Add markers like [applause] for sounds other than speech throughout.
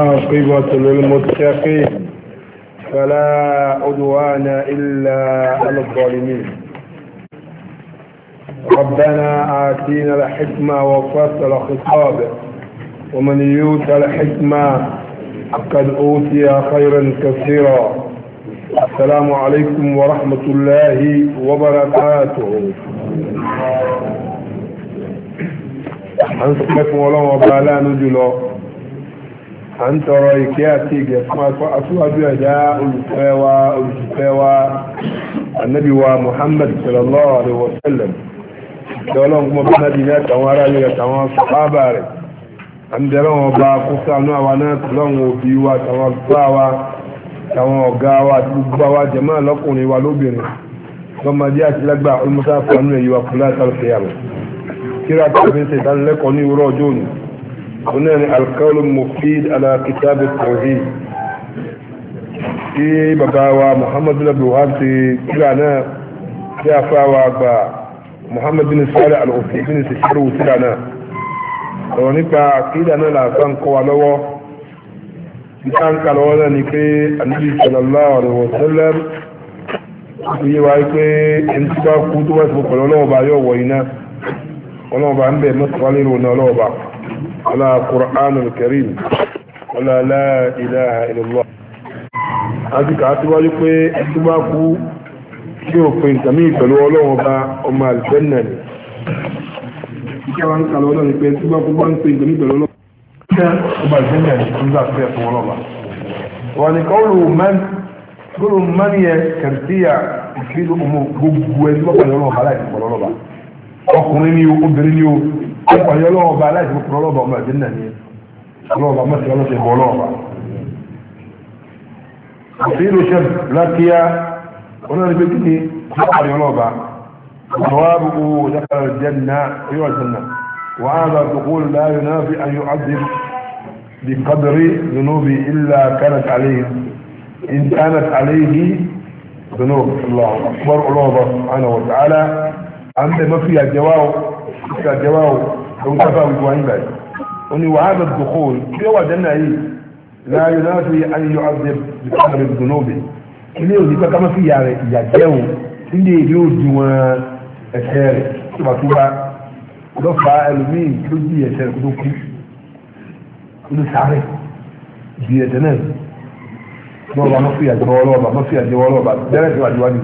عاقبة للمتقين فلا عدوان إلا على الظالمين ربنا آتينا الحكمة وفصل خطابه ومن يؤت الحكمة قد أوتي خيرا كثيرا السلام عليكم ورحمة الله وبركاته أنسكم ولو وبالا نجلو à ń tọrọ ìkẹ́ àti ìgẹ̀ fún aṣíwájú ẹ̀dá olùfẹ́ wa olùfẹ́ wa annabi wa muhammad sallallahu alaihi wa sallam ìjọ ọlọ́run kúmọ̀ bí náà di ní àtàwọn ará ilé àtàwọn sàhábà rẹ̀ à ń bẹ̀rẹ̀ wọn bá kúta ní àwa náà lọ́run òbí wa àtàwọn àgbà wa àtàwọn ọ̀gá wa àti gbogbo àwa jẹ̀mọ́ àlọ́kùnrin wa lóbìnrin lọ́mọdé àti lágbà olùmọ́sáfà nínú ẹ̀yọ́ àkùnrin àtàlùfẹ́ àrùn kíra tó fi ń ṣe ìdánilẹ́kọ̀ọ́ ní ìwúrọ̀ ọjọ́ òní هنا القول المفيد على كتاب التوحيد في بابا محمد بن عبد الوهاب في كلانا في افاوى محمد بن صالح الأوفيين في شرو كلانا ọ̀rọ̀ nípa àkídà náà làásán kọ́ wa lọ́wọ́ nípa ń kà lọ́wọ́ náà ni pé ànábì sallallahu alaihi wasallam yé wa pé ẹni tí bá kú tó wá sí pọ̀lọ́ ọlọ́ọ̀bá yóò wọ̀ iná ọlọ́ọ̀bá ń bẹ̀ mọ́sàkálẹ́rò náà ọlọ́ọ̀bá على قرآن الكريم ولا لا إله إلا الله أذكى أتواجه في أتواجه yóò pe nǹkan mí pẹ̀lú ọlọ́run ọba ọmọ àlùfẹ́nà ni. Iṣẹ́ wa ń kalọ̀ ọlọ́run pé tí wọ́n bá ń pe nǹkan mí pẹ̀lú ọlọ́run. Ṣé ọba àlùfẹ́nà ni ń gbà fẹ́ fún ọlọ́ba? Wọ́n ní kọ́ lóru mẹ́rin yẹn kẹ̀rìtíyà ìfìdí ọmọ gbogbo ẹni wọ́n pẹ̀lú ọlọ́ba láì fún ọlọ́ba. Ọkùnrin ni o, obìnrin ni o, ẹ̀pọ̀ yọ lọ́wọ́ bá aláìsí kúkú lọ́wọ́ ọmọ ẹ̀dín náà ni lọ́wọ́ bá mọ́sí ọlọ́sẹ̀ bọ́ lọ́wọ́ bá. òfin ló ṣe lákíá ọlọ́run pé kí ni bá دخل الجنة يوى الجنة وهذا تقول لا ينافي أن يعذب بقدر ذنوبه إلا كانت عليه إن كانت عليه ذنوب الله أكبر الله سبحانه وتعالى أما ما فيها جواب ìgbà jẹ́wà o òun káfà wípé wáyé báyìí ó ní wàhálà dùkọ́ tí ó wà jẹ́nà yìí láàyò láti ayọ̀ àti ìpàdé dùnúbì ilé òní pé ká má fi yàrá ìyà jẹun nílé ìlú òdi wọn ẹsẹ̀ rẹ̀ tó bá tó bá lọ́fà ẹlòmíì tó di ẹsẹ̀ rẹ̀ tó kú inú sáré di ẹsẹ̀ náà lọ́wọ́ má fi àjẹwọ́ lọ́wọ́ má fi àjẹwọ́ lọ́wọ́ bẹ̀rẹ̀ tó àjẹwọ́ ni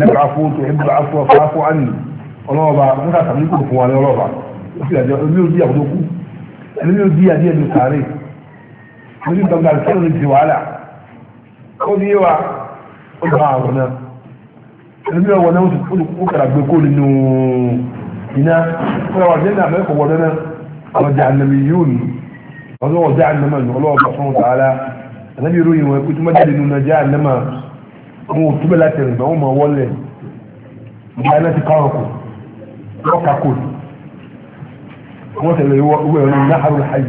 nàbàáfó tó ẹgbẹ́ àfọ́ fáfọ́ ọlọ́ọ̀bá nígbà tàbí kò fún wa ní ọlọ́ọ̀bá ó sì àjọ ẹni ó di àbúrò kú ẹni ó di àdí ẹni sàárè ó sì gbàgbà sí òní ti wàhálà ó di wa ó gba àwọn náà ẹni ó wọ náà ó kàrà gbé kó nínú iná ó yà wà ní ẹ̀dá mẹ́kọ̀ọ́ wọ́n náà àwọn jà ànàmì yóò ní ọlọ́wọ́ jà ànàmà ní ọlọ́ọ̀bá fún wàhálà ànàmì ìròyìn wọn kú tó má jáde nínú jà ànàmà wọn ò túbẹ̀ láti rìn bá wọn mọ̀ wọlé ìgbà náà ti káwọn kù lọ́kàkùn wọ́n tẹ̀lé ìwé ọ̀nà náhàrù hajj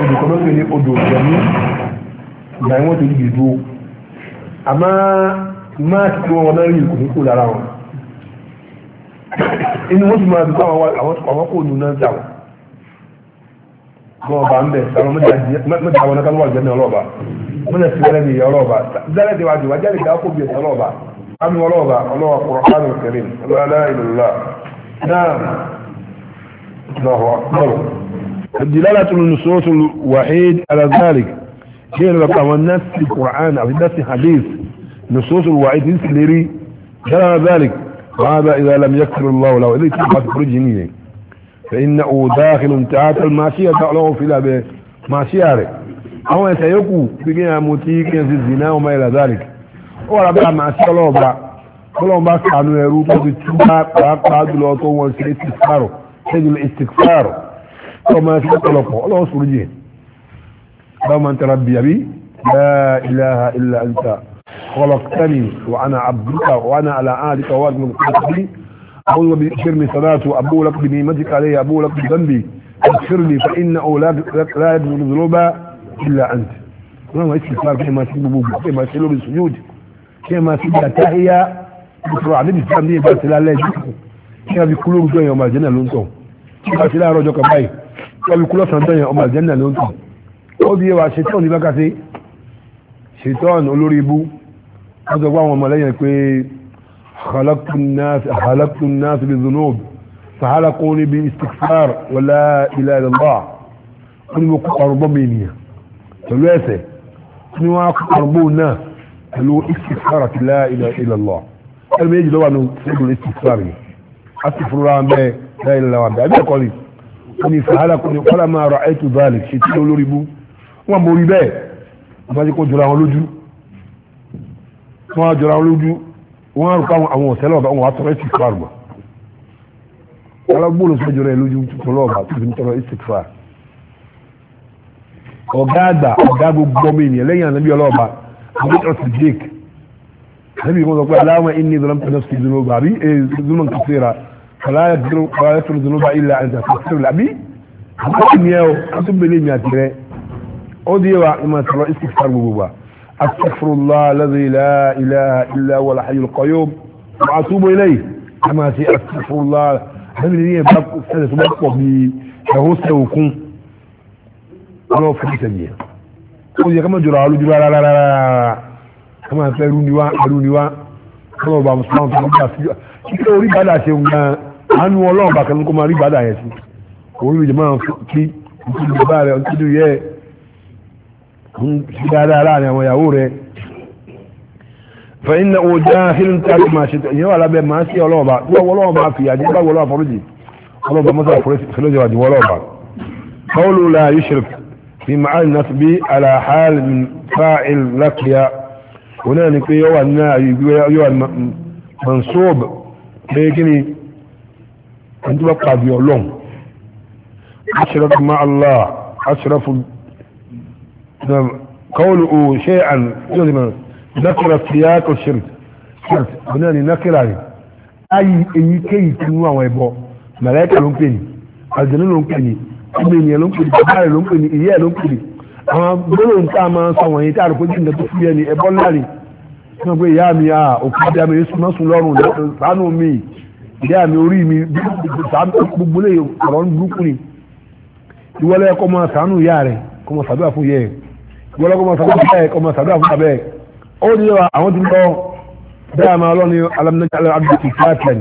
odò kan ló tẹ̀lé odò ìjẹ̀mú ìgbà wọn tẹ̀lé ìdìbò àmọ́ máa ti wọn náà rí ìkùn nípò lára wọn inú wọn sì máa dùn àwọn àwọn kò nù náà jà gbọ́n ọba ń bẹ̀ sàrọ̀ mẹ́ta àwọn ọ̀nà wà jẹ́mi ọlọ́ọ̀ba mẹ́ta sí wẹ́rẹ́ mi ọlọ́ọ̀ba ti نعم الله أكبر الدلالة النصوص الوحيد على ذلك هي لقى والناس في القرآن أو الناس في حديث نصوص الوحيد نسلري دلال ذلك وهذا إذا لم يكثر الله لو إذا كنت تخرجني فإنه داخل تعاطى الماشية تعلقه في لابه ماشية أو يسيقوا بقينا موتيك ينزل الزنا وما إلى ذلك وربع معشية الله kọlọ̀ bá kànú ẹrú tó ti tún bá pàápàá jùlọ tó wọn ṣe ìtìfàrọ̀ ṣẹ́jùlọ ìtìfàrọ̀ kọlọ̀ máa ṣe ọ̀pọ̀lọpọ̀ ọlọ́wọ́ sọ̀rọ̀ jẹ́ bá máa ń tara bìyàbí la ilaha illa anta khalaqtani wa ana abduka wa ana ala ahlika wa ana muqtadi أقول بشرني صلاته أبو لك بنيمتك علي أبو لك بذنبي اغفر لي فإنه لا لا يدخل الذنوب إلا أنت. اللهم استغفار كما تسلم بوبو كما تسلم بالسجود كما تسلم تحية ìfọ̀rọ̀ àníbi tí a ní ìbá ti lálẹ́ ìjú kí wọ́n fi kú lórúkọ yẹn ọmọ àjẹ́nà ló ń tọ̀ kí wọ́n ti láàárọ̀ ọjọ́ kan báyìí kí wọ́n fi kú lọ́sàn-án tọ̀ ọmọ àjẹ́nà ló ń tọ̀ ó bí wa ṣetán ní bákàtí ṣetán olórí ibú wọ́n sọ pé àwọn ọmọ lẹ́yìn pé halakun nas bi zunub fahalakun bi istighfar wala ilaha illallah wọ́n ni mo kọ́ ọ̀rọ̀gbọ́n mi nìyà pẹ̀lú ẹ̀sẹ̀ wọ́n ni wọ́n á kọ́ ọ̀rọ̀gbọ́n náà pẹ̀lú istighfar àti la ilaha illallah ẹni méjì ló wà ní ṣẹ́gun lẹ́sìn a sì fúnra bẹ́ẹ̀ bẹ́ẹ̀ ni làwọn bẹ́ẹ̀ bẹ́ẹ̀ kọ́ fàhálà kò ní kọ́lá máa rọ ẹ̀tù báàlì ṣe tí olórí bú wọn mọ orí bẹ́ẹ̀ wọn ti kó jọra wọn lójú wọn jọra wọn lójú wọn rò káwọn àwọn ọ̀sẹ̀ wọn wà ẹ̀sìn islam wa alágbóòlù sọ jọra ẹ̀ lójú tuntun tuntun ẹ̀sìn nabi mo sọ pé aláwọ̀ inni zalamtu nafsi dhunuba àbí e, zulman kaseera fala yaghfiru dhunuba illa anta astaghfiru àbí àbúrò ni ẹ o a tún bẹ̀rẹ̀ mi àti rẹ ó di yẹ wa ìmọ̀ sọ̀rọ̀ istighfar gbogbo wa astaghfirullah alladhi la ilaha illa huwal hayyul qayyum wa atubu ilayhi a máa ṣe astaghfirullah àbí ní ẹ bá sẹ́lẹ̀ tó bá pọ̀ bí ẹ̀hó sẹ́ òkun ọlọ́ọ̀ fún ìṣẹ̀lẹ̀ ó yẹ ká má jọra olójú rárá rárá rárá kama fẹ́ rúniwá arúniwá kọ́nà ọba musulman tó ń gbà sí kíkẹ́ orí bàdà ṣe ń gan àánú ọlọ́run bàkà ló kó máa rí bàdà yẹn sí orí ìjọba máa ń kí nítorí bàbá rẹ nítorí yẹ ń ṣe dáadáa láàrin àwọn ìyàwó rẹ fẹ̀yìn náà òjò ahìlú ń tàbí máa ṣe ìyẹn wà lábẹ́ máa ṣe ọlọ́ọ̀bà tí wọ́n wọ́n máa fìyà jẹ́ báwo ọlọ́ọ̀bà fọ́rọ́jì ọlọ́ọ̀bà mọ́sá fẹ́lẹ́jọ́ àdìwọ́ ọlọ́ọ̀bà kọ́ọ̀lù la yushrik fi ma'al nasbi ala hal min fa'il laqiya òun náà ni pé yọ́wà náà yọ́wà mansob pé kí ni ẹni tó bá pàdé ọlọ́run ashrafu ma Allah ashrafu qawluhu shay'an nakira siyaq shirk shirk òun náà ni nakira rẹ̀ ayi èyíkéyìí tí mú àwọn ẹbọ màláíkà ló ń pè ní àjẹ́lú ló ń pè ọmọ ènìyàn ló ń pè ní bàbá rẹ̀ ló ń ìyá rẹ̀ ló ń àwọn gbólóhùn tá a máa ń sọ wọ̀nyí tá a rò pé jíǹda tó fi ẹni ẹbọ láàrin tí wọ́n pé ìyá mi à òkú ìyá mi yéṣu mọ́sù lọ́rùn sánú mi ìyá mi orí mi gbogbo lè ọ̀rọ̀ ń burúkú ni ìwọlé ẹ̀kọ́ máa sànú ìyá rẹ̀ kọ́ máa sàdúrà fún yẹ ìwọlé ẹ̀kọ́ máa sàdúrà fún yẹ kọ́ máa sàdúrà fún abẹ́ ó ní wa àwọn ti lọ bẹ́ẹ̀ máa lọ ní alamínájà alábìtì fàtẹ́n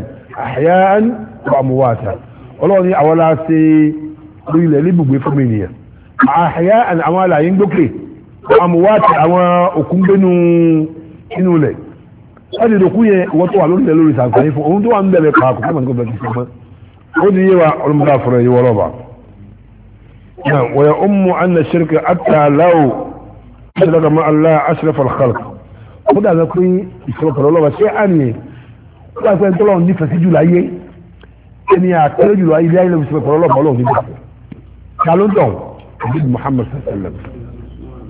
àyà ń wà mú wàtà ọlọ́run ni àwọn la ṣe orílẹ̀ ní ibùgbé fún mi nìyẹn àhàyà àwọn alàyé ń gbókè àmúwàtí àwọn òkú gbénu inú ilẹ̀ láti ìdòkú yẹn wọ́n tó wà lórí ilẹ̀ lórí sàǹfààní fún ohun tó wà ń bẹ̀rẹ̀ pa àkókò mọ̀ nígbà tí sọ́mọ́ ó di yé wa ọlọ́mọdé àfọ̀rọ̀ yìí wọ́rọ̀ bá wọ́n yẹ ó mú àna ṣirka àtàláwò ṣẹlẹ́ka mọ́ alá aṣẹ́fà khalq ó dàgbà abid muhammad sallam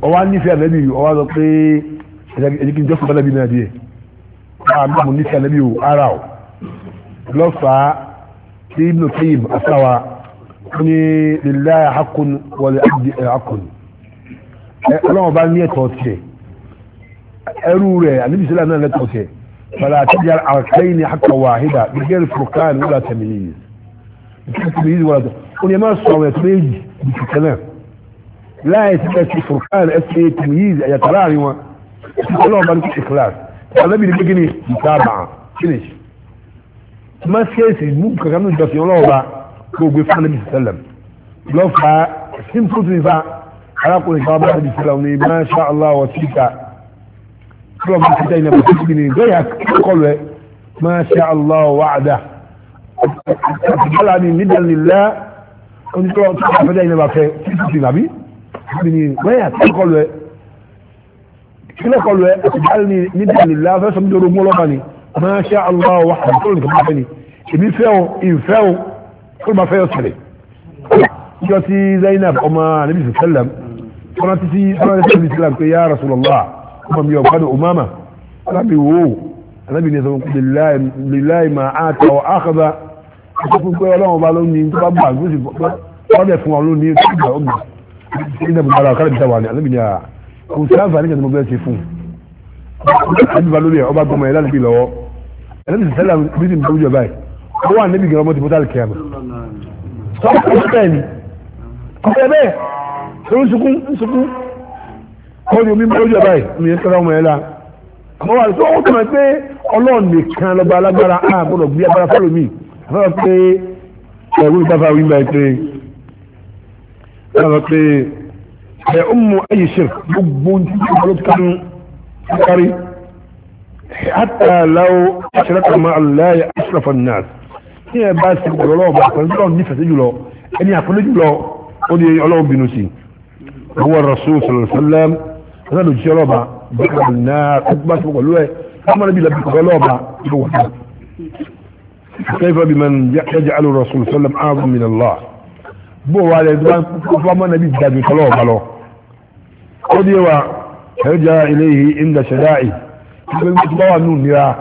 ọwọ́ nífẹ̀ẹ́ ànábì ọwọ́ sọ pé ẹ̀jẹ̀ kí n jọ́sùn bálábì náà díẹ̀ àmì àmì nífẹ̀ẹ́ ànábì ò ara ò lọ́fàá tí ibn qayyim asawa ní lillahi haqqun wa li abdi haqqun ọlọ́wọ́n bá ní ẹ̀tọ́ tiẹ̀ ẹrú rẹ̀ ànábì sílẹ̀ náà lẹ́tọ̀ tiẹ̀ fàlà àtẹ́jà àkẹ́yìn ní haqqa wahida gbígbẹ́rì furqan wala tamyiz ìtẹ́kùn yìí wọ́n lọ́tọ̀ ó ní ẹ má sọ àwọn ẹ̀tọ́ méjì bìtìkẹ́ náà láì sí ẹsẹ furkan ẹsẹ tìmíyìí ẹ̀yàtọ̀ láàrin wọn ọlọ́run bá ní kí class alábìrì pé kí ni ìtaàbà finish masiẹ́sì mú kankan ní ìjọsìn ọlọ́run bá gbogbo fún ẹni sẹlẹm lọ́fà simple thing fa arákùnrin kan bá ẹni sẹlẹm ní masha allah wa tita ọlọ́run bá tita ìnáwó tó kí ni gbẹ́yà kọlu ẹ masha allah wa ada àti bọ́lá ni nídàlélá onítọ́lọ́ tó kí afẹ́dá ìnáwó afẹ́ títí nàbí hali ni wẹ́yà tí kọlu ẹ kílẹ̀ kọlu ẹ hali ni ní dàlí la fẹ́ sọmi dòdò gbọ́lọ́ bani máa ṣe aláwọ̀ wà á kọlu nìkan báfẹ́ ni èmi fẹ́ o ìfẹ́ o kó ló ma fẹ́ yọ sẹ̀rẹ̀ yọ ti Zainab ọmọ anabi sẹlẹm fọlá títí fọlá títí anabi sẹlẹm pé ya Rasulullah ọmọ inda bu ara kala bita wani alabi ni a ko sanfa ni ka mo bẹ se fun alabi ba lórí ẹ ọba gbọmọ ẹ lálẹbi lọ́wọ́ alabi sẹlẹ bí ti n bójú ọba yìí ó wà níbi gẹrẹ ọmọ ti bọtá kẹyà mọ sọfọ ọmọ bẹ́ẹ̀ ni ọbẹ bẹ́ẹ̀ ló ń sunkún ń sunkún kọ́ ni omi bójú ọba yìí mi yẹn tọ́ra ọmọ ẹ la àmọ́ wà lóṣù ó tẹ̀lé pé ọlọ́run nìkan lọ́ba alágbára àgbọ̀dọ̀ gbé agbára fọlọ́mì àfẹ́rẹ́ pé ẹ̀rú ìgbàfà wíńbà ẹ̀ pé ẹ̀rọ pé ẹ̀ ọmọ ayé ṣe gbogbo olùkanu kárí àtàláwò aṣẹ́lẹ́kà máa aláyé aṣẹ́lẹ́fà náà ní ẹ̀ bá ṣe ọ̀rọ̀ lọ́wọ́ bá pẹ̀lú ọ̀rọ̀ nífẹ̀ẹ́ jùlọ ẹni àpẹẹlẹ jùlọ ó di ọlọ́wọ́ bínú sí àwọn rasul sallam ọ̀rọ̀ lòjì ọlọ́ba bẹ́ẹ̀ náà ẹgbẹ́ ṣe pẹ̀lú ẹ̀ ọmọdé bí labi kọ̀ọ̀lọ́ ọba ìlú wà. كيف بمن يجعل الرسول صلى الله عليه وسلم أعظم من الله bó wa lẹ tó bá tó bá mọ nàbí dàbí kọlọ ọba lọ ó dé wa ẹ̀rọ jẹ́ ilé yìí ń dàṣẹ́ dáì tó bá wà nù nira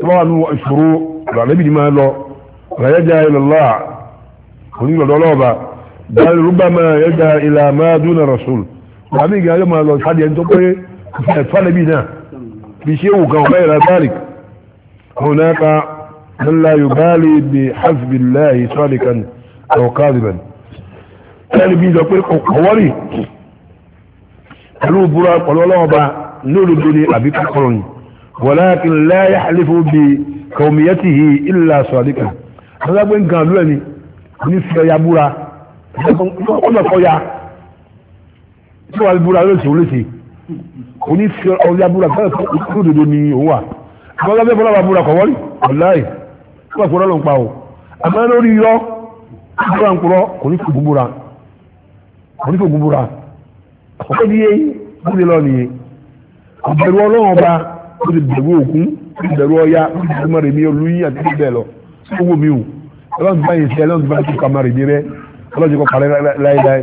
tó bá wà nù ìṣòro ọ̀rọ̀ àlẹ́bí ni máa lọ ọ̀rọ̀ ẹ̀jẹ̀ ìlọ́lá onílọ̀dọ̀ ọlọ́ọ̀ba dáàlì rúbà máa ẹ̀jẹ̀ ìlà máa dúnà rasul àmì ìgbà yóò máa lọ sáde ẹni tó pé ẹ̀fọ́lẹ́bí náà bí ṣé wù kan ọ̀bẹ́ ìlà tálík هناك من لا يبالي بحسب الله صادقا أو كاذبا قال بي ذا قرق قواري قالوا براء قالوا الله با نور الدنيا أبي قرن ولكن لا يحلف بقوميته إلا صادقا هذا وين قالوا لي نسي يا برا قلنا قويا سوى البرا لسي ولسي onífi ọjà búra fẹ́ẹ̀fẹ́ òdodo ni òun wà àwọn ọlọ́fẹ́ fọlọ́wà búra kọ̀wọ́rì ọ̀láì fún ọ̀pọ̀ ọlọ́run pa ò àmọ́ lórí yọ gbúra nkúrọ kò ní fi gbúra kò ní fi gbúra ọkọ di yéé kó di lọ nìyé ìbẹ̀rù ọlọ́run ọba ó ti bẹ̀rù òkun ó ti bẹ̀rù ọya ó ti bẹ̀rù mọ̀rẹ̀mí olóyìn àti bẹ́ẹ̀ lọ sí owó mi o ọlọ́run ti bá yẹn sẹ́ ọlọ́run ti bá yẹn tó kàmá rèmí rẹ ọlọ́run ti kọ́ kàrẹ́ láéláé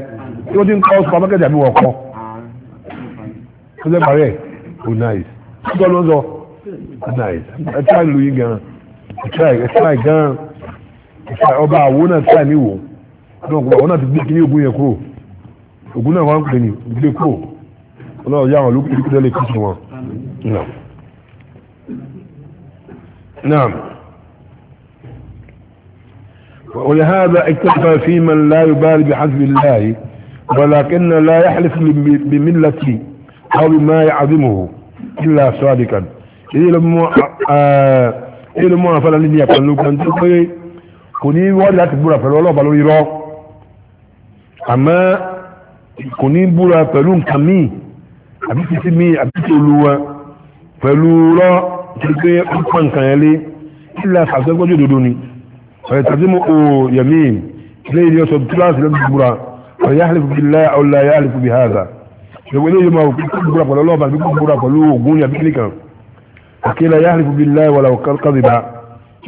tí wọ́n ti ń kọ́ supermarket àbí wọ̀ kọ́ parẹ́ o nice ó tọ́ ló ń sọ nice ẹ tíráì lóyún gan ẹ tíráì gan ọba àwo náà tí a ní wò náà kúrò àwọn náà ti gbé kíní ogun yẹn kúrò ogun náà wọn pè ní gbé kúrò ọlọ́run yá wọn ló kúrò kúrò wọn. نعم ولهذا اكتفى في من لا يبالي بحسب الله ولكن لا يحلف بملتي أو بما يعظمه إلا صادقا إيه لما إيه لما فلا لن يقول لك أنت kò ní wọ́ọ̀dì láti búra pẹ̀lú ọlọ́ọ̀bá lórí rọ́ àmọ́ kò ní búra pẹ̀lú nǹkan míì àbí títí míì àbí tí olúwa pẹ̀lú rọ́ tí pé ó pọ̀ nǹkan yẹn lé ilẹ̀ àṣàgbẹ́gbẹ́jọ́ òdodo ni ọ̀yẹ̀ tàbí mo ò yẹ̀mí lẹ́yìn ní ọ̀sọ̀ kíláàsì lẹ́nu búra ọ̀yẹ̀ àhàlẹ́fù bí láyà ọ̀la yà àhàlẹ́fù bí hàdà ìwé lóye máa kó búra pẹ̀lú ọlọ́ọ̀bá àbí kó búra pẹ̀lú ògún yàbí kíníkan àkílẹ̀ yà àhàlẹ́fù bí láyà wàlà kàdìbà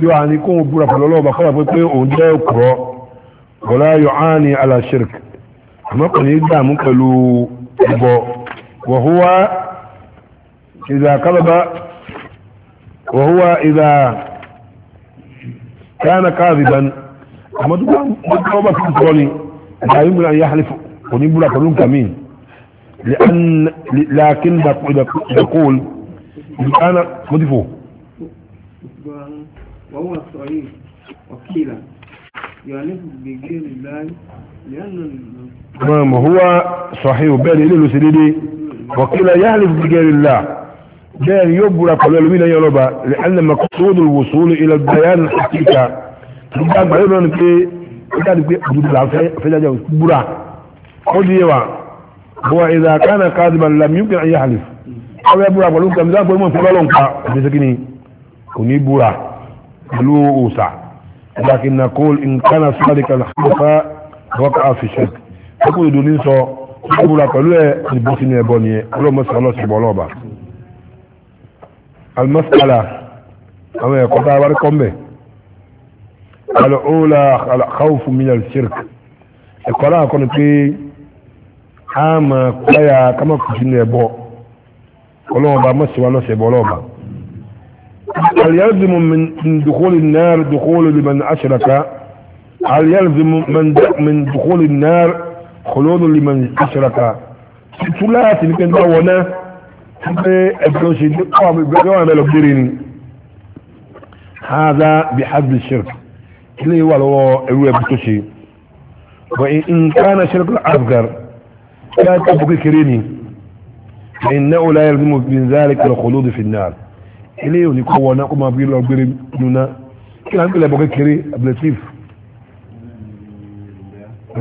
tí ó àní kó búra pẹ̀lú ọlọ́ọ̀bà kọ́lá pé pé òun jẹ́ òkúrọ́ wọ́lá yọ áni aláṣírk àmọ́ kò ní dààmú pẹ̀lú ẹbọ wọ̀húwá ìdá kálábá wọ̀húwá ìdá kánà káàbìbán àmọ́ tó bá ọba fún ìtọ́ ni ìdáyé múra yá halifu kò ní búra pẹ̀lú kàmí lakin da kúl ìdáná وهو صحيح وكيلا يعنف بغير الله لأن ما هو صحيح بين إليه سيدي وكيلا يحلف بغير الله بين يبرا قبل المين يلوبا لأن مقصود الوصول إلى البيان الحقيقة تبقى بعيدا نكي كان في حدود العفة في جاجة برا قد يوا هو إذا كان كاذبا لم يمكن أن يحلف أو يبرا قبل المين كمزان قبل المين فلالون كا بسكني كوني برا pẹ̀lú òòsà lakin na kó nǹkan sádìkà lọ́fà wọ́pá fi ṣe ẹkùn ìdò ní sọ ọgbùra pẹ̀lú ẹ ìbò sínú ẹbọ ni ọlọ́mọsí ọlọ́sìnbọ̀ ọlọ́ọ̀bà almasala àwọn ẹ̀kọ́ tá a wárí kọ́mbẹ̀ alọ́ọ̀lá alkhawfu min al-shirk ẹ̀kọ́ náà kọ́ni pé a máa kọ́yà kámọ́kùsí ní ẹbọ ọlọ́ọ̀bà mọ́sí wa lọ́sìnbọ̀ ọlọ́ọ̀bà هل يلزم من دخول النار دخول لمن أشرك هل يلزم من من دخول النار خلود لمن أشرك ثلاثة لكن دعونا هذا بحسب الشرك اللي هو هو وإن كان شرك الأصغر لا تبقى كريني فإنه لا يلزم من ذلك الخلود في النار ilé òní kọ́ wọ́n náà kó máa fi lọ gbére nuna kí ló ń pèlè bọ́ kékeré ablatif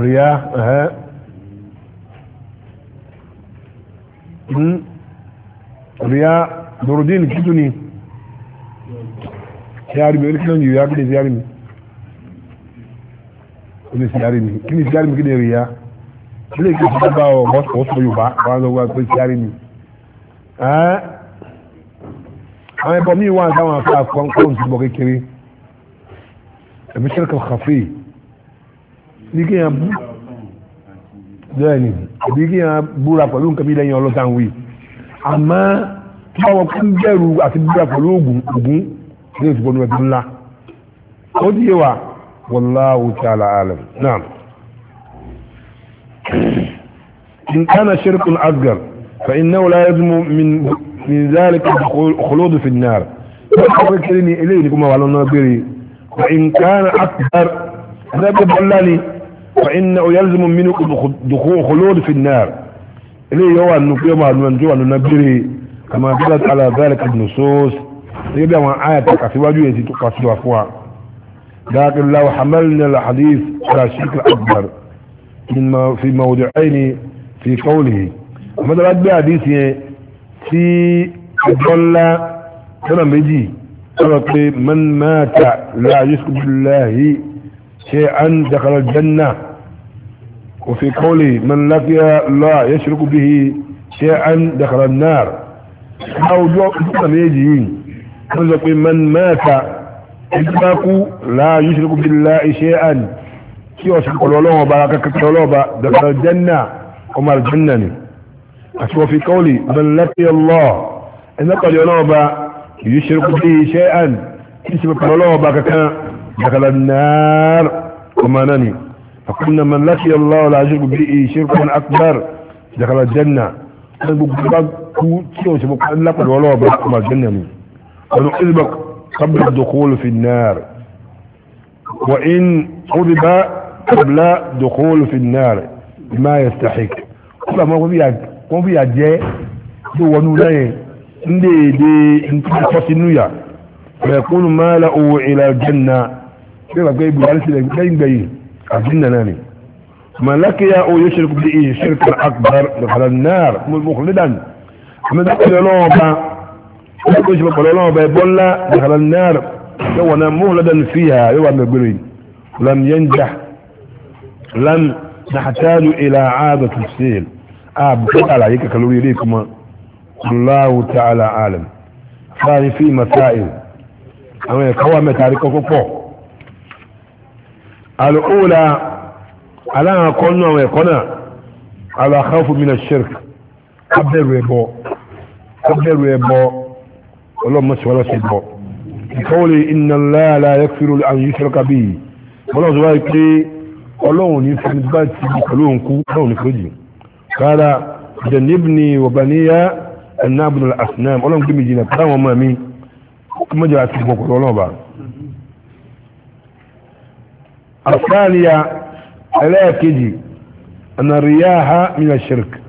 ríà hmm. ríà dorodin kìtù ni yàrá mi orí kí ló ń yù yàrá mi yàrá mi orí yàrá mi kí ni yàrá mi kí ni ríà ilé ìkíni tó bá ọ bọ́sọ̀ Yorùbá wọn lọ wá pé yàrá mi àwọn ẹbọ míì wà táwọn afẹ́ àkọ́ńkọ́n ti bọ̀ kékeré ẹ̀mí ṣẹ́kọ̀ kàfé bí kí yẹn bẹ́ẹ̀ni bí kí yẹn búra pẹ̀lú nǹkan bí lẹ́yìn ọlọ́tàn wí àmọ́ tí wọ́n kú bẹ̀rù àti búra pẹ̀lú ògùn ògùn ní ìtìbọn ní ọdún ńlá ó díye wa wallahu ta'ala alam naam in kana shirkun asgar fa innahu la yazmu min ذلك خلود في النار فكرني إليه لكم وعلى النبري وإن كان أكبر ذلك بلاني فإنه يلزم منه دخول خلود في النار إليه هو أن أن يوم أن النبري كما قلت على ذلك النصوص يبدأ مع آياتك في وجهه تقصد أفواه لكن لو حملنا الحديث على شكل أكبر في موضعين في قوله ماذا بقى حديثي tí ọjọ́ ńlá lọ́nà méjì lọ́nà pé man mata la yusufu billahi shay'an dakhala al-janna وفي قوله من لقي لا يشرك به شيئا دخل النار او جوكم يجيين رزق من مات يشرك لا يشرك بالله شيئا كيو شرك الله وبركة الله دخل الجنة وما الجنة أشوف في قولي من لقي الله إن قد ينوب يشرك به شيئا اسم قرلوه باك كان دخل النار وما نني فقلنا من لقي الله لا يشرك به شركا أكبر دخل الجنة أنا بقول لك أنا قبل الدخول في النار وإن قذب قبل دخول في النار ما يستحق ما هو فيها wọ́n fi àjẹ́ tó wọnú lẹ́yìn ndé èdè nkọ́sínúyà ẹ̀kúnnù máa la owó ìlà jẹ́nà bí wàá gbé buhari sílẹ̀ lẹ́yìn gbẹ̀yìn àjínà náà ni màlákìyà ó yóò ṣeré kúndé ìyè ṣeré kan akbar lọ́kàlá náà mọ̀kànlélàn àmọ́tá pẹ̀lú ọlọ́wọ́ bá ó kó ìṣẹ̀lẹ̀ pẹ̀lú ọlọ́wọ́ bá ẹ̀bọ́ ńlá lọ́kàlá náà yóò wọ̀nà mọ̀kànlélàn fìyà yóò wà mẹ́gbẹ̀rẹ̀ lam yẹn jà lam nàxtàlù ìlà àádọ́tù sílẹ̀ àbùkẹ́ àlàyé kankan lórí ilé kuma Allahu ta'ala alam fáàní fi masáìl àwọn ẹ̀kọ́ wa mẹ́ta rí kọ́kọ́ pọ̀ al'ula aláhàn kọ́nù àwọn ẹ̀kọ́ náà aláhàfù mina shirk abẹ́rù ẹ̀bọ abẹ́rù ẹ̀bọ ọlọ́mọsíwọ́lọ́sẹ̀ bọ̀ ìkọ́wọ́lé inna Allaha la yaghfiru an yushraka bihi bọ́lá ọ̀sọ́ wáyé pé ọlọ́run ní fẹ́ni bá ti pẹ̀lú òǹkú ọlọ́run ní fẹ́jì قال جنبني وبني أن ابن الأصنام ولم كم يجينا كلام ومامي كما جاء تسمى كل ولوبا الثانية ألا كجي أن الرياح من الشرك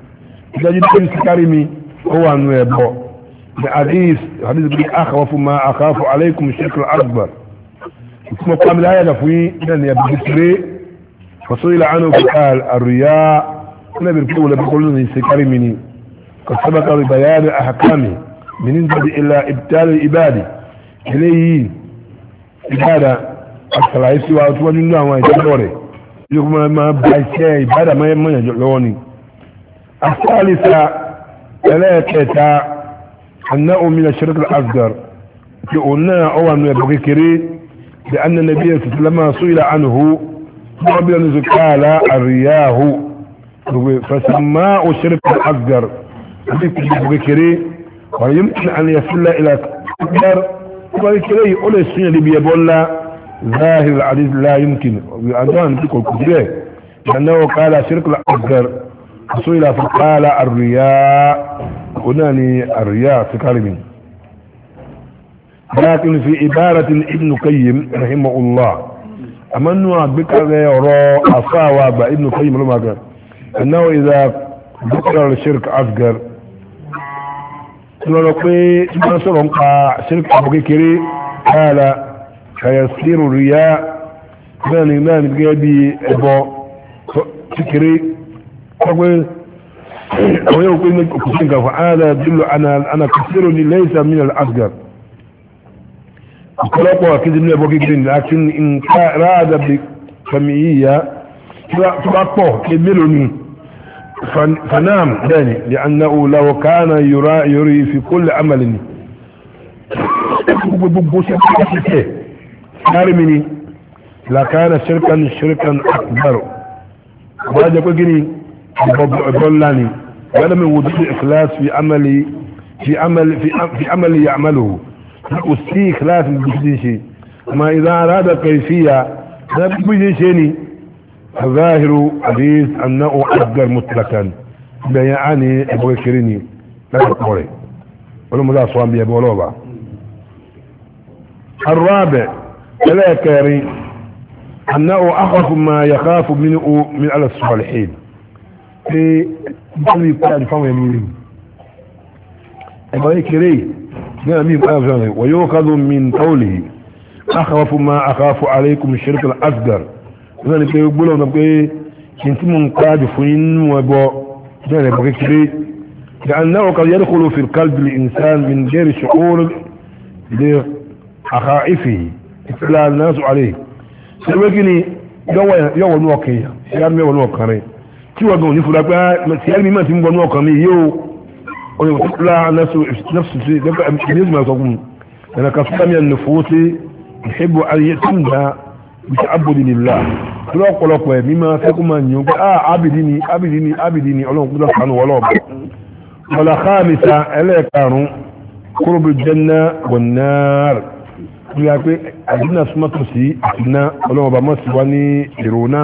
إذا جدت سكرمي هو أنه يبقى حديث حديث بي أخوف ما أخاف عليكم الشرك الأكبر ثم قام لا يدفوي أن يبقى فصيل عنه فقال الرياح نبي الكو نبي قول لنا يسكري مني قد سبق ببيان أحكامه من نزل إلى إبتال الإبادة إليه إبادة أكثر عيسى وأتوى جنوى ما يتبوري يقول ما بايشي إبادة ما يمنى جلوني الثالثة ثلاثة أنه من الشرك الأصدر يقولنا أول من يبغي لأن النبي صلى الله عليه وسلم سئل عنه ربنا زكالة الرياه فسماء الشرك الأكبر بكري ويمكن أن يصل إلى أكبر وبكري أولى السنة اللي بيقول ظاهر العديد لا يمكن وأدوان بكل الكبير لأنه قال شرك الأصغر فسئل فقال الرياء هناني الرياء سكالمين لكن في عبارة ابن قيم رحمه الله أمنوا بك يرى أصاوى ابن قيم رحمه الله أنه إذا ذكر الشرك أصغر lọ́rọ̀ pé wọ́n sọ̀rọ̀ ń pa ṣírkà bọ̀ kékeré káàlà kàyàsílérò ríyá náà ni náà ni gẹ́gẹ́ bí ẹ̀bọ kékeré pọ́pẹ́ àwọn yóò pé ní òkùnkùn kan fún ààrẹ dúró anàkùsírò ní lẹ́yìnsà mílíọ̀n asgar ọ̀pọ̀lọpọ̀ akéde ní ẹ̀bọ kékeré ní àti nǹkan ráàdà bí kàmì yíya tó bá pọ̀ ebélò ni فنام يعني لأنه لو كان يرى يري في كل عمل [coughs] لا لكان شركا شركا أكبر بعد يقول بلاني ولا من وجود إخلاص في عملي في عمل في عمل في عمل يعمله أستي إخلاص ما إذا أراد كيفية لا بجد شيء ظاهر حديث أنه أقدر مطلقا بيعني أبو كريني لا تقولي ولو لا صوان بي أبو لوبا الرابع لا كاري أنه أخف ما يخاف منه من على الصالحين في بلي قاعد فهم يمينين أبو كريني ويؤخذ من قوله أخاف ما أخاف عليكم الشرك الأصغر náà ni pé gbọ́dọ̀ náà pé kí n tí mo ń káàdì fún yín nínú ẹbọ bẹ́ẹ̀ rẹ̀ bọ́ kékeré لأنه قد يدخل في القلب الإنسان من غير شعور بخائفه اطلاع الناس عليه سيبقني yọ́wọ̀ ní ọkàn èèyàn ṣe àmì ẹwọ̀ ní ọkàn rẹ̀ tí wọ́n gan ò ní fúra pé ṣe àmì mẹ́ta ti ń bọ̀ ní ọkàn mi yóò ọ̀yọ̀ tíkúlá nẹ́fṣùsí ìdíjì máa sọkún ẹ̀nà kan sọ́kàmì ẹ̀nà fowó sí ìṣẹ́bù ayé tí ń da ìṣẹ́ àbòdì nìlá lọ́pọ̀lọpọ̀ ẹ̀mí máa fẹ́ kó máa yàn pé ah abidi ni abidi ni abidi ni ọlọ́run kúta sànù wọlọ́ọ̀bù ọ̀là káàmìta ẹlẹ́ẹ̀karùn-ún kúròbì jẹ́nà wọ̀nàárì kí a pé àdínà súnmọ́tò sí àtúná ọlọ́run ọba mọ́sí wá ní ìrònà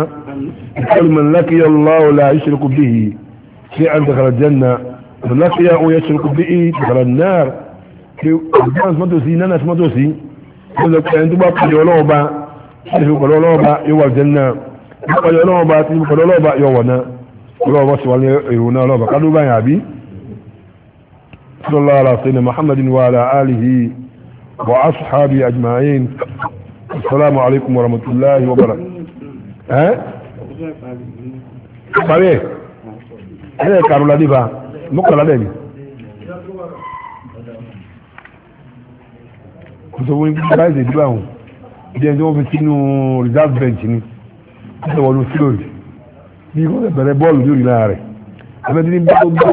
ìkọlùmọ̀ lákìyà lọ́wọ́ ìṣẹ́lẹ̀kù bí i ṣé à dàkàrà jẹ́nà lákìyà ó ṣẹlẹ̀kù bí i dàkàrà náà kí àdínà súnmọ́tò náà àti ìpàdé ọlọ́ọ̀bá yóò wà jẹ́nà ìpàdé ọlọ́ọ̀bá àti ìpàdé ọlọ́ọ̀bá yóò wà náà ọlọ́ọ̀bá sì wà ní èrò náà ọlọ́ọ̀bá kádó báyìí àbí sọ́lá ara sẹ́ni muhammadin wa ala alihi mọ́kànlá dẹ̀ ni wọ́n ń gbé báyìí dé báwọn jẹ́ tí wọ́n fi sínú reserve bench ni wọ́n ti wọ́n lu sílòdì bí wọ́n bẹ̀rẹ̀ bọ́ọ̀lù yóò rí lára rẹ̀ abẹ́tí ní bá tó gbọ́